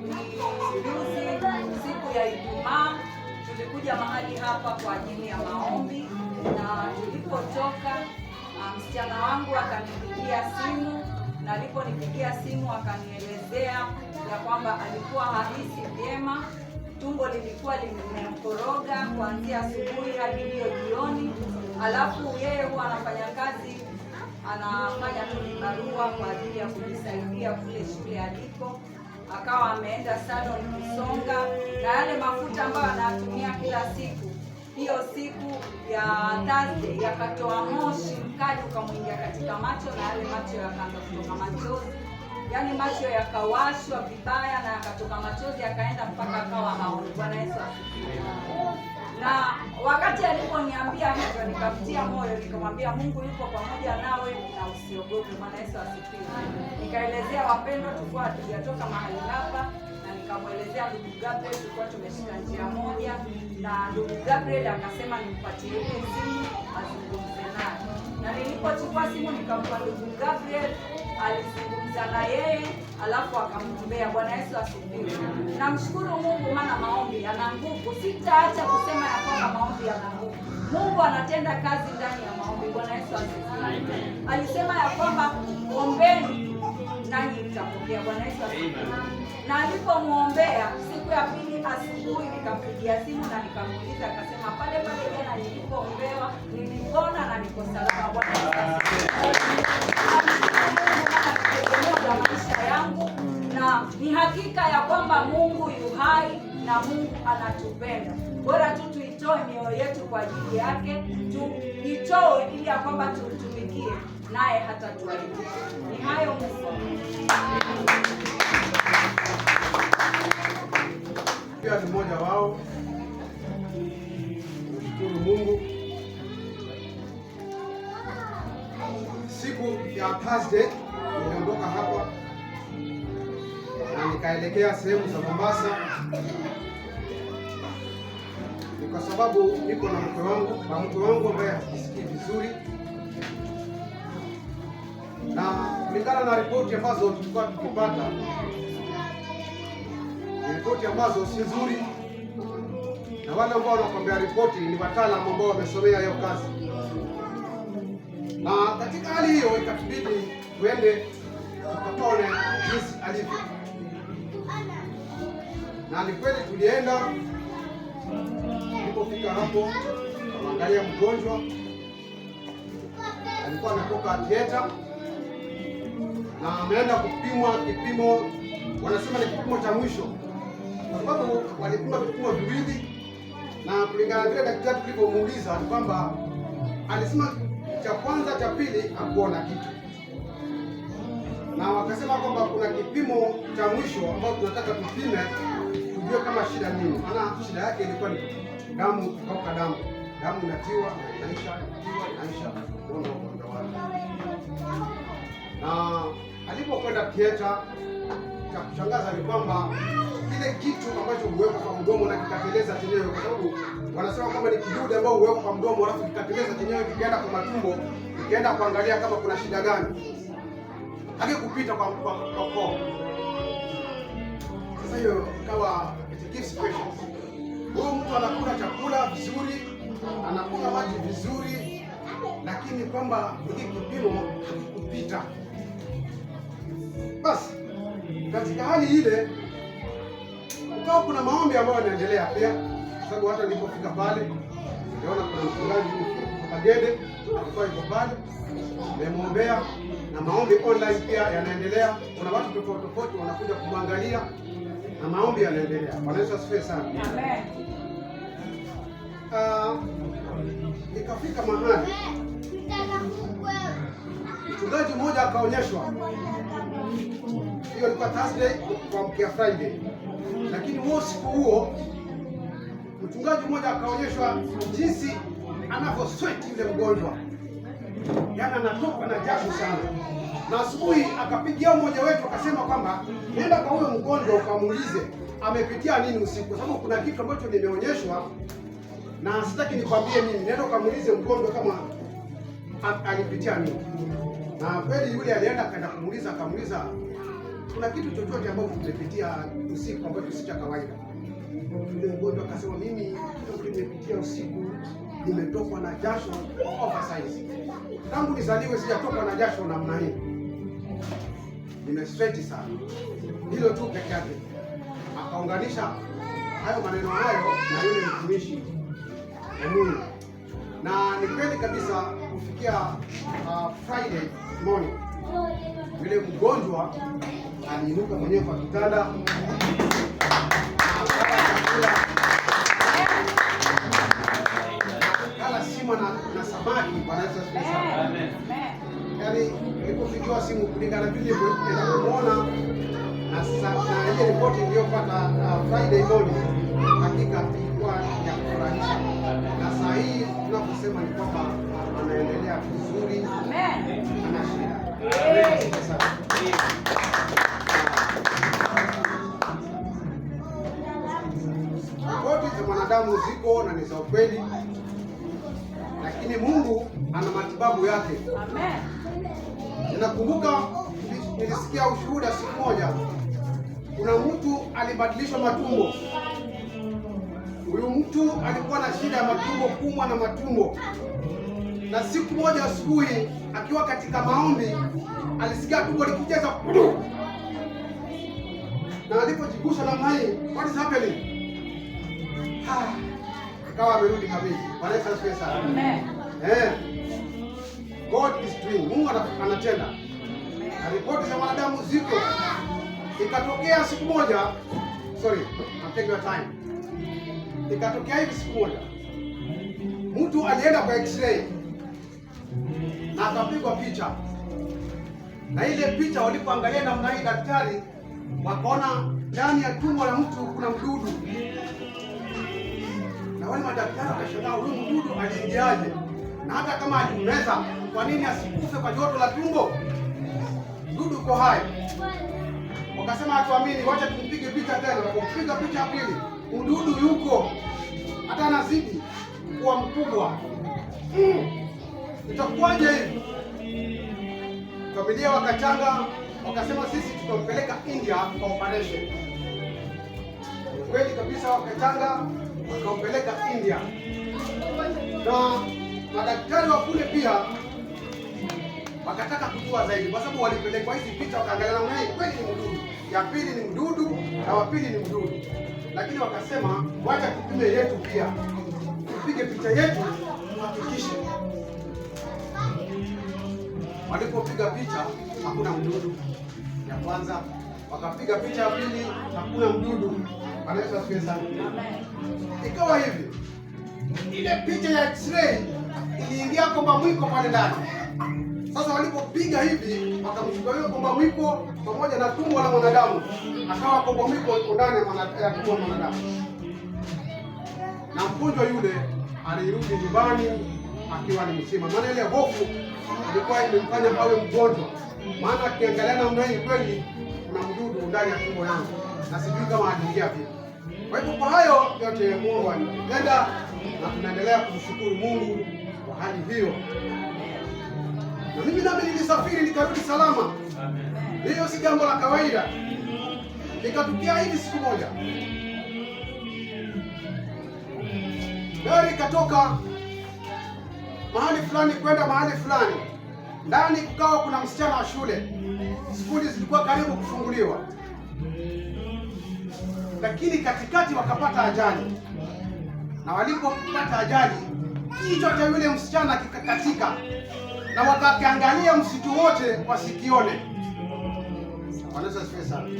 juzi uh, siku ya Ijumaa tulikuja mahali hapa kwa ajili ya maombi, na tulipotoka uh, msichana wangu akanipigia simu, na aliponipigia simu akanielezea ya kwamba alikuwa hahisi vyema, tumbo lilikuwa limemkoroga kuanzia asubuhi hadi hiyo jioni. Alafu yeye huwa anafanya kazi, anafanya tu barua kwa ajili ya kujisaidia kule shule alipo akawa ameenda salon kusonga na yale mafuta ambayo anatumia kila siku. Hiyo siku ya Thursday yakatoa moshi mkali ukamwingia katika macho, na yale macho yakaanza kutoka machozi, yani macho yakawashwa vibaya na yakatoka machozi yakaenda mpaka akawa haoni. Bwana Yesu asifiwe na wakati aliponiambia hivyo nikamtia moyo, nikamwambia Mungu yuko pamoja nawe na usiogope. Bwana Yesu asifiwe. Nikaelezea wapendwa, tulikuwa hatujatoka mahali hapa, na nikamwelezea ndugu Gabriel, tulikuwa tumeshika njia moja, na ndugu Gabriel akasema nimpatie simu azungumze naye, na nilipochukua simu nikampa ndugu Gabriel akazungumza na yeye alafu akamwombea. Bwana Yesu asifiwe. Namshukuru Mungu maana maombi yana nguvu. Sitaacha kusema ya kwamba maombi yana nguvu. Mungu anatenda kazi ndani ya maombi. Bwana Yesu asifiwe. Alisema ya kwamba ombeni nanyi mtapokea. Bwana Yesu asifiwe. Na alipomwombea siku ya pili asubuhi, nikampigia simu na nikamuuliza, akasema pale pale jana nilipoombewa nilipona na niko salama. Bwana Yesu asifiwe. hakika ya kwamba Mungu yu hai na Mungu anatupenda. Bora tu tuitoe mioyo yetu kwa ajili yake, tuitoe ili ya kwamba tumtumikie naye hata hatatuaibisha. Ni hayo pia ni mmoja wao. Mshukuru Mungu. Siku ya Thursday nikaelekea sehemu za Mombasa kwa sababu niko na mke wangu na mke wangu ambaye hasikii vizuri, na kulingana na ripoti ambazo tulikuwa tukipata, ripoti ambazo si nzuri, na wale ambao wanakuambia ripoti ni wataalamu ambao wamesomea hiyo kazi, na katika hali hiyo ikatubidi tuende ni kweli tulienda. Tulipofika hapo, tukamwangalia mgonjwa, alikuwa anatoka theater na ameenda kupimwa kipimo, wanasema ni kipimo cha mwisho, kwa sababu walipima vipimo viwili, na kulingana vile daktari tulivyomuuliza ni kwamba alisema cha kwanza, cha pili hakuona kitu, na wakasema kwamba kuna kipimo cha mwisho ambao tunataka kupime ndio kama shida nini, maana shida yake ilikuwa ni damu kutoka damu damu inatiwa inaisha, inaisha ndio ugonjwa wake. Na alipokwenda theater, cha kushangaza ni kwamba kile kitu ambacho huwekwa kwa mdomo na kikateleza chenyewe, kwa sababu wanasema kwamba ni kidude ambao huwekwa kwa mdomo alafu kikateleza chenyewe kikaenda kwa matumbo, kikaenda kuangalia kama kuna shida gani, hakikupita kwa koo sasa hiyo ikawa huyu mtu anakula chakula vizuri, anakunywa maji vizuri, lakini kwamba hiki kipimo hakikupita. Basi katika hali ile ukawa kuna maombi ambayo yanaendelea pia, kwa sababu hata nilipofika pale niliona kuna mchungaji Kagede alikuwa yuko pale, nimemwombea na maombi online pia yanaendelea. Kuna watu tofauti tofauti wanakuja kumwangalia na maombi yanaendelea. Bwana Yesu asifiwe sana. Amen. Uh, ah, ikafika mahali mchungaji mmoja akaonyeshwa, hiyo ilikuwa Thursday kuamkia Friday, lakini siku huo mchungaji mmoja akaonyeshwa jinsi anavyo sweat yule mgonjwa yani anatokwa na jasho sana, na asubuhi akapigia mmoja wetu akasema kwamba nenda kwa huyo mgonjwa ukamuulize amepitia nini usiku, kwa sababu kuna kitu ambacho nimeonyeshwa na sitaki nikwambie mimi. Nenda ukamuulize mgonjwa kama alipitia nini. Na kweli yule alienda akaenda kumuuliza, akamuuliza kuna kitu chochote ambacho tumepitia usiku ambacho si cha kawaida. Yule mgonjwa akasema, mimi kitu nimepitia usiku, nimetokwa na jasho oversize tangu nizaliwe sijatokwa na jasho namna hii, nimestreti sana. Hilo tu peke yake. Akaunganisha hayo maneno hayo na yule mtumishi wa Mungu, na ni kweli kabisa kufikia uh, Friday morning yule mgonjwa aliinuka mwenyewe kwa kitanda sima na, na samaki. Bwana Yesu asifiwe sana. Amen. Yaani nilipopigiwa simu kulingana vile ninavyomwona na na ile ripoti niliyopata uh, Friday morning, hakika ilikuwa ya kufurahisha, na saa hii tunaposema ni kwamba uh, anaendelea vizuri, Amen. ripoti za mwanadamu ziko na ni za ukweli lakini Mungu ana matibabu yake. Amen. Ninakumbuka nilisikia ushuhuda siku moja, kuna mtu alibadilishwa matumbo. Huyu mtu alikuwa na shida ya matumbo, kumwa na matumbo, na siku moja asubuhi akiwa katika maombi alisikia tumbo likicheza na alipojigusha namna hii, what is happening? Ha, ah, akawa amerudi kabisa. Bwana Yesu asifiwe sana. Amen. Eh. God is doing. Mungu anatenda. Na ripoti za wanadamu ziko. Ikatokea siku moja, sorry, I'm taking your time. Ikatokea hivi siku moja, mtu alienda kwa x-ray na akapigwa picha, na ile picha walipoangalia namna hii, daktari wakaona ndani ya tumbo la mtu kuna mdudu, na wale madaktari wakashangaa, huyu mdudu aliingiaje? na hata kama alimeza, kwa nini asikufe kwa joto la tumbo? Dudu uko hai. Wakasema hatuamini, wacha tumpige picha tena. Wakampiga picha pili, ududu yuko, hata anazidi kuwa mkubwa. Mm. Itakuwaje hivi? Familia wakachanga, wakasema sisi tutampeleka India kwa operation. Kweli kabisa, wakachanga wakampeleka India na madaktari wa kule pia wakataka kujua zaidi, kwa sababu walipelekwa hizi picha, wakaangalia namna hii, kweli ni mdudu, ya pili ni mdudu na wa pili ni mdudu, lakini wakasema wacha tupime yetu pia, tupige picha yetu tuhakikishe. Walipopiga picha hakuna mdudu ya kwanza, wakapiga picha ya pili hakuna mdudu. Anaitwa Ikawa hivi ile picha ya x-ray iliingia komba mwiko pale ndani. Sasa walipopiga hivi, wakamchukua hiyo komba mwiko pamoja na tumbo la mwanadamu, akawa komba mwiko ndani ya tumbo la mwanadamu, na mgonjwa yule alirudi nyumbani akiwa ni mzima, maana ile hofu ilikuwa imemfanya awe mgonjwa. Maana akiangalia na hii, kweli kuna mdudu ndani ya tumbo yangu na sijui kama aliingia vipi. Kwa hivyo, kwa hayo yote Mungu anatenda na tunaendelea kumshukuru Mungu hali hiyo, na mimi nami nilisafiri nikarudi salama. Hiyo si jambo la kawaida. Ikatukia hivi siku moja, gari ikatoka mahali fulani kwenda mahali fulani, ndani kukawa kuna msichana wa shule, skuli zilikuwa karibu kufunguliwa, lakini katikati wakapata ajali, na walipopata ajali kichwa cha yule msichana kikakatika, na wakakiangalia msitu wote wasikione. Wanaweza sana,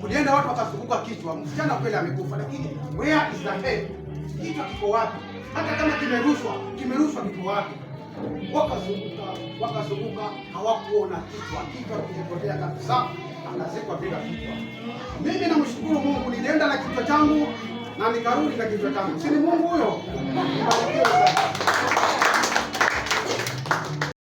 kulienda watu wakazunguka kichwa, msichana kweli amekufa, lakini where is the head? Kichwa kiko wapi? Hata kama kimerushwa, kimerushwa kiko wapi? Wakazunguka, wakazunguka, hawakuona kichwa. Kichwa kimepotea kabisa, anazikwa bila kichwa. Mimi namshukuru Mungu, nilienda na kichwa changu na nikarudi na kichwa Si ni Mungu huyo?